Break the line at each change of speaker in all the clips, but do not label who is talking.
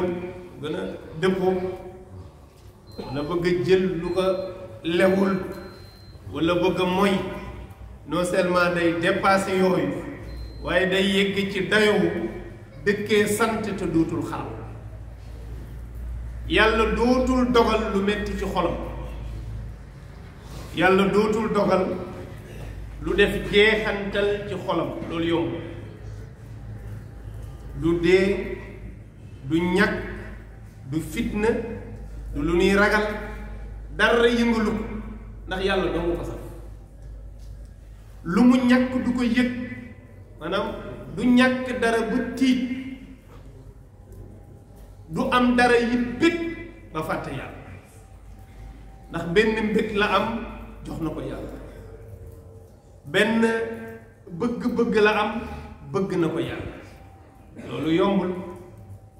gën a bëgg a jël lu ko lewul walla bëgg a moy non seulement day dépasser yooyu waaye day yegg ci dayowu dëkkee sant te dootul xaram yàlla dootul dogal lu metti ci xolam yàlla dootul dogal lu def jeexantal ci xolam loolu yomb lu dee du ñàkk du fitna du lu ñuy ragal dara yëngalu ndax yàlla doomu ko lu mu ñàkk du ko yëg maanaam du ñàkk dara bu tiit du am dara yi bég ba fàtte yàlla ndax benn mbég la am jox na ko yàlla benn bëgg-bëgg la am bëgg na ko yàlla loolu yombul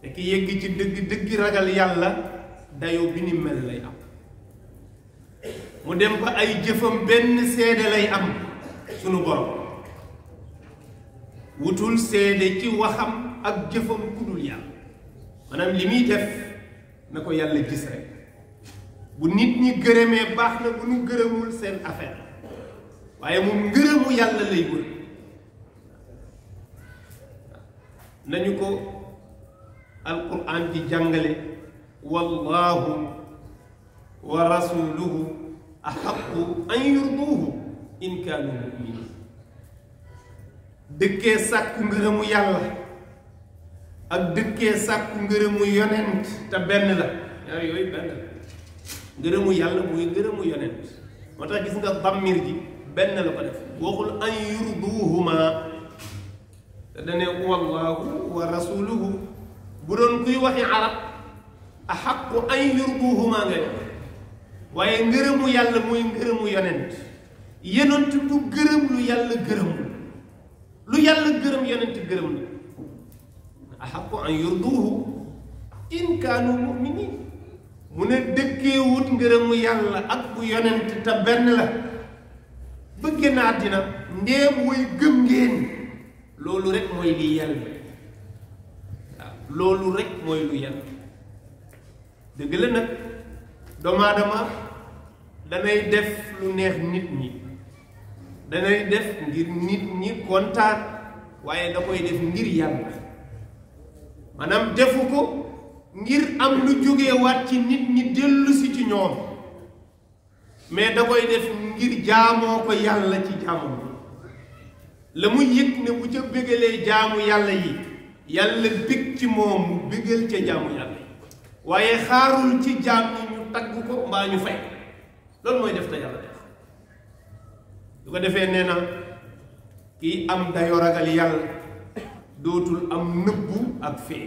te ki yegg ci dëgg dëgg ragal yàlla dayo bi ni mel lay am mu dem ba ay jëfam benn seede lay am sunu borom wutul seede ci waxam ak jëfam ku dul yàlla maanaam li muy def na ko yàlla gis rek bu nit ñi gërëmee baax na bu ñu gërëmul seen affaire waaye moom ngërëmu yàlla lay wër nañu ko alquran di jàngale wallahu wa rasuluhu ahaqu an yurduhu in kanu muminin dëkkee sàkku ngërëmu yàlla ak dëkkee sàkku ngërëmu yonent te benn la ñaar yooyu benn la ngërëmu yàlla muy ngërëmu yonent moo tax gis nga bàmmir ji benn la ko def waxul an yurduhuma te dane wallahu wa rasuluhu bu doon kuy waxi arab a xaqu an yurbuhuma nga wax waaye ngërëmu yàlla mooy ngërëmu yonent yonent du gërëm lu yàlla gërëmul lu yàlla gërëm yonent gërëm la a xaqu an yurduhu in kaanu muminin mu ne dëkkee wut ngërëmu yàlla ak bu yonent te benn la bëgg naa dina ndéem way gëm ngeen loolu rek mooy lii yàlla loolu rek mooy lu yàlla dëgg la nag doomu aadama def lu neex nit ñi danay def ngir nit ñi kontaan waaye da koy def ngir yàlla maanaam defu ko ngir am lu jógee waat ci nit ñi dellu ci ñoom mais da koy def ngir jaamoo ko yàlla ci jaamu la muy yëg ne bu ca bégalee jaamu yàlla yi yàlla bég ci moom mu bégal ca jaamu yàlla waaye xaarul ci jaam yi ñu tagg ko mbaa ñu fay loolu mooy def te yàlla def lu ko defee nee na kii am dayo ragal yàlla dootul am nëbbu ak fee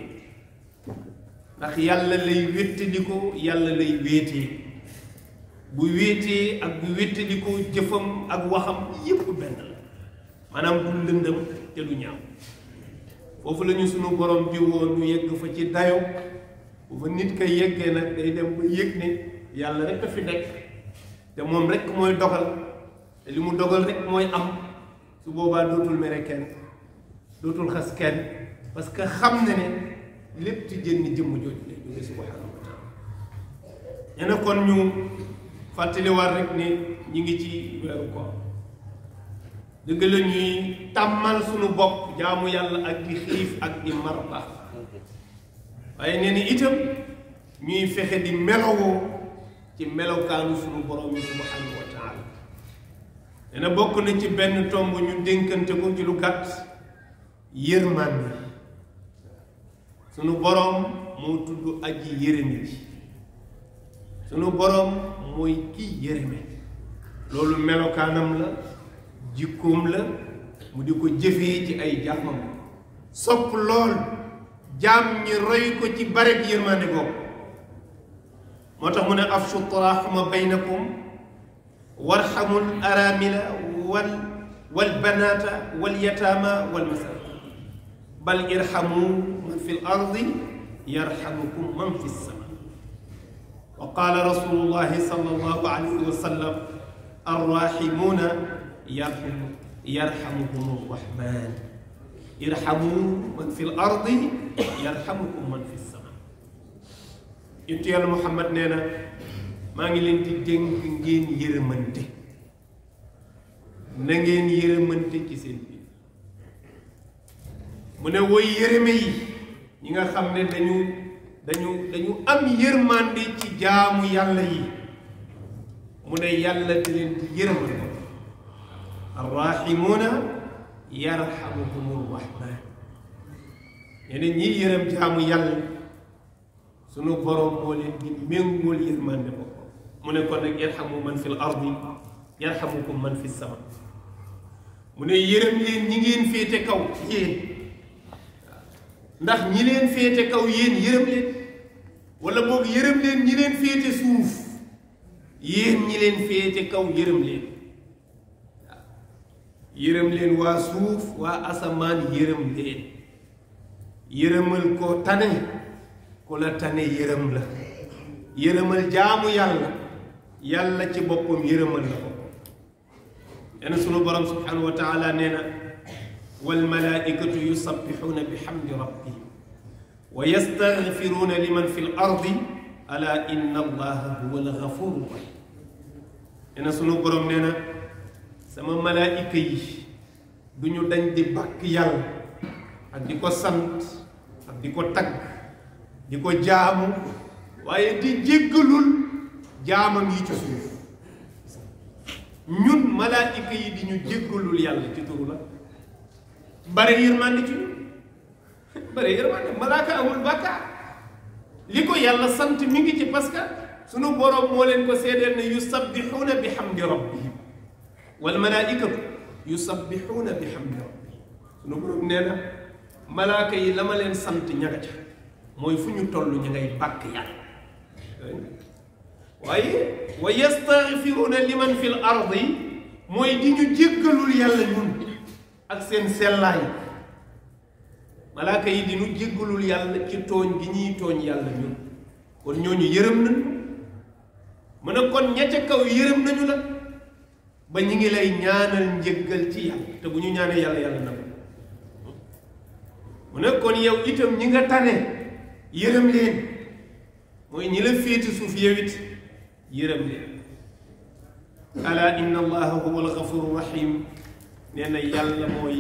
ndax yàlla lay wéttandikoo wéetee bu wéetee ak bu wéttandikoo jëfam ak waxam yépp benn la maanaam bu lëndëm te lu ñaaw foofu la ñu sunu borom di woon ñu yegg fa ci dayo bu nit ka yeggee nag day dem ba yëg ne yàlla rek fi nekk te moom rek mooy dogal te li mu dogal rek mooy am su boobaa dootul mere kenn dootul xas kenn parce que xam na ne lépp ci jënn jëmm jooju la jóge subhaanahu wa taala ñene kon ñu fàttaliwaat rek ne ñi ngi ci weeru koor dëgg la ñuy tamal suñu bok jaamu yalla ak di xif ak di marba waye nee itam ñuy fexé di melowoo ci melokaanu suñu borom yi subhanahu wa taala nee bok na ci benn tomb ñu denkante ko ci lu gàtt yërmande suñu borom mo tuddu aji yërëme ji borom moy ki yërëme loolu melokaanam la jikkoom la mu di ko jëfee ci ay jaamam sopp lool jaam ñi roy ko ci bareb yërmande boobu moo tax mu ne afshu taraaxuma baynakum warxamul aramila wal wal banaata wal yataama wal masaakin bal irxamu man fi l ardi yarxamukum man fi sama wa qaala rasulullahi sallallahu alayhi wa sallam arrahimuuna يرحم يرحمكم الرحمن ارحموا من في الارض يرحمكم من في السماء انت يا محمد نينا ما نغي لين دي دنك نين يرمنتي na ngeen yërëmante ci seen biir mu ne woy yërëme yi ñi nga xam ne dañu dañu dañu am yërmande ci jaamu yàlla yi mu ne yàlla di leen di yërëmal الراحمون يرحمهم الرحمن يعني ني يرم جامو يال سونو بوروم مولين دي مينغول يرمان دي بوكو مون كون نك يرحم من في الارض يرحمكم من في السماء مون يرم لين ني نين فيتي كاو يين ndax ñi leen fété kaw yeen yërem leen wala bok yërem leen ñi leen fété suuf yeen ñi leen fété kaw yërem leen yërëm leen waa suuf waa asamaan yërëm leen yërëmal ko tane ku la tane yërëm la yërëmal jaamu yàlla yàlla ci boppam yërëmal la ko len sunu borom subhanahu wa taala nee na walmalaikatu yusabbixuuna bihamdi rabbihim wa yastaghfiruuna liman fi l ardi ala inna allaha huwa al ghafuru rahim len sunu borom nee na sama malaayika yi du ñu dañ di bàkk yàlla ak di ko sant ak di ko tag di ko jaamu waaye di jéggalul jaamam yi ci suuf ñun malaayika yi di ñu jéggalul yàlla ci turu la bare yërmande ci ñun bare yërmande malaaka amul li ko yàlla sant mi ngi ci parce que sunu borom moo leen ko seedeel ne yusabbixuuna bi hamdi rabbi والملائكة يسبحون بحمد ربهم نقول ننا ملاك لما لين سنت نجاج موي فنيو تولو نجاي باك يا واي ويستغفرون لمن في الارض موي دي نيو جيغلول يالا سلاي ملاك يي دي نيو جيغلول يالا كي توغ دي ني توغ من كون نيتا كاو يرم ba ñi ngi lay ñaanal njëggal ci yàlla te bu ñu ñaanee yàlla yàlla na ko mu ne kon yow itam ñi nga tane yërëm leen mooy ñi la féete suuf yow it yërëm leen ala inna allaha huwa alghafuru rahim nee na yàlla mooy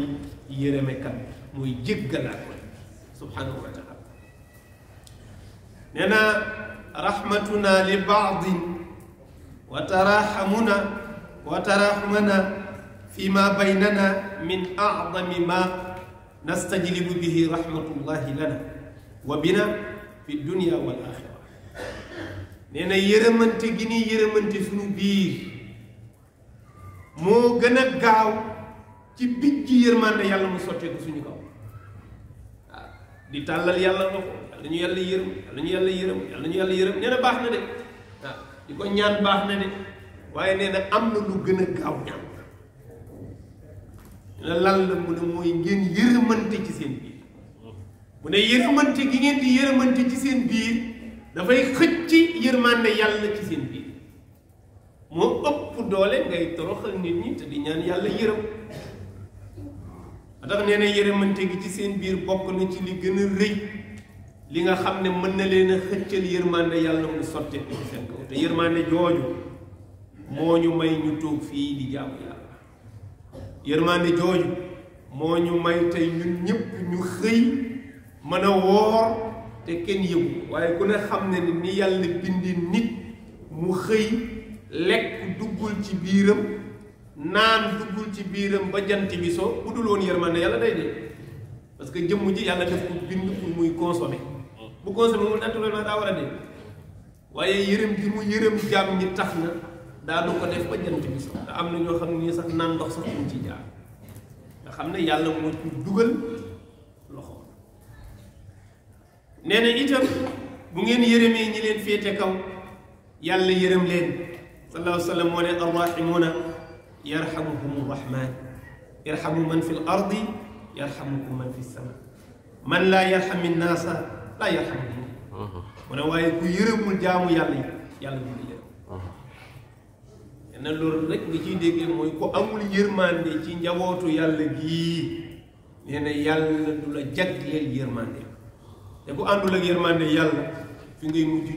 yërëmekat mooy jéggalaat ko subhanahu wa taala nee na rahmatuna li baadin wa tarahamuna وتراحمنا فيما بيننا من أعظم ما نستجلب به رحمة الله لنا وبنا في الدنيا والآخرة neena yërëmante gi ni yërëmante suñu biir moo gën a gaaw ci bij ci yërmande yàlla mu sottee ko suñu kaw di tàllal yàlla loxo yàlla ñu yàlla yërëm yàlla ñu yàlla yërëm yàlla ñu yàlla yërëm nee na baax na de waaw di ko ñaan baax na de waaye nee na am na lu gën a gaaw ñam la lan la mu ne mooy ngeen yërëmante ci seen biir mu ne yërëmante gi ngeen di yërëmante ci seen biir dafay xëcc yërmande yàlla ci seen biir moo ëpp doole ngay toroxal nit ñi te di ñaan yàlla yërëm nee gi ci seen biir bokk na ci li gën a li nga xam mën na leen a yërmande yàlla mu sotte ci seen kaw te yërmande jooju moo ñu may ñu toog fii di jaamu yàlla yërmande jooju moo ñu may tey ñun ñëpp ñu xëy mën a woor te kenn yëgu waaye ku ne xam ne ni yàlla bindi nit mu xëy lekk duggul ci biiram naan duggul ci biiram ba jant bi so bu dul woon yërmande yàlla day dee parce que jëmm ji yàlla def ko bind pour muy consommer bu consommer moom naturellement daa war a dee waaye yërëm gi mu yërëm jàmm ñi tax na daanu ko def ba jant bi sax te am na ñoo xam ne nii sax naan ndox sax duñ ci jaar nga ne nee na itam bu ngeen yërëmee ñi leen féete kaw yàlla yërëm leen sallallahu alayhi wa sallam moo ne arrahimuuna yarhamuhum rahman yarhamu man fi l ardi yarhamukum man fi sama man laa yarhami naasa laa yarhamuhum mu ne waaye ku yërëmul jaamu yàlla yàlla du yërëm na loolu rek nga ciy déggee mooy ku amul yërmande ci njabootu yàlla gii nee na yàlla du la jagleel yërmande te ku àndul ak yërmande yàlla fi ngay mujj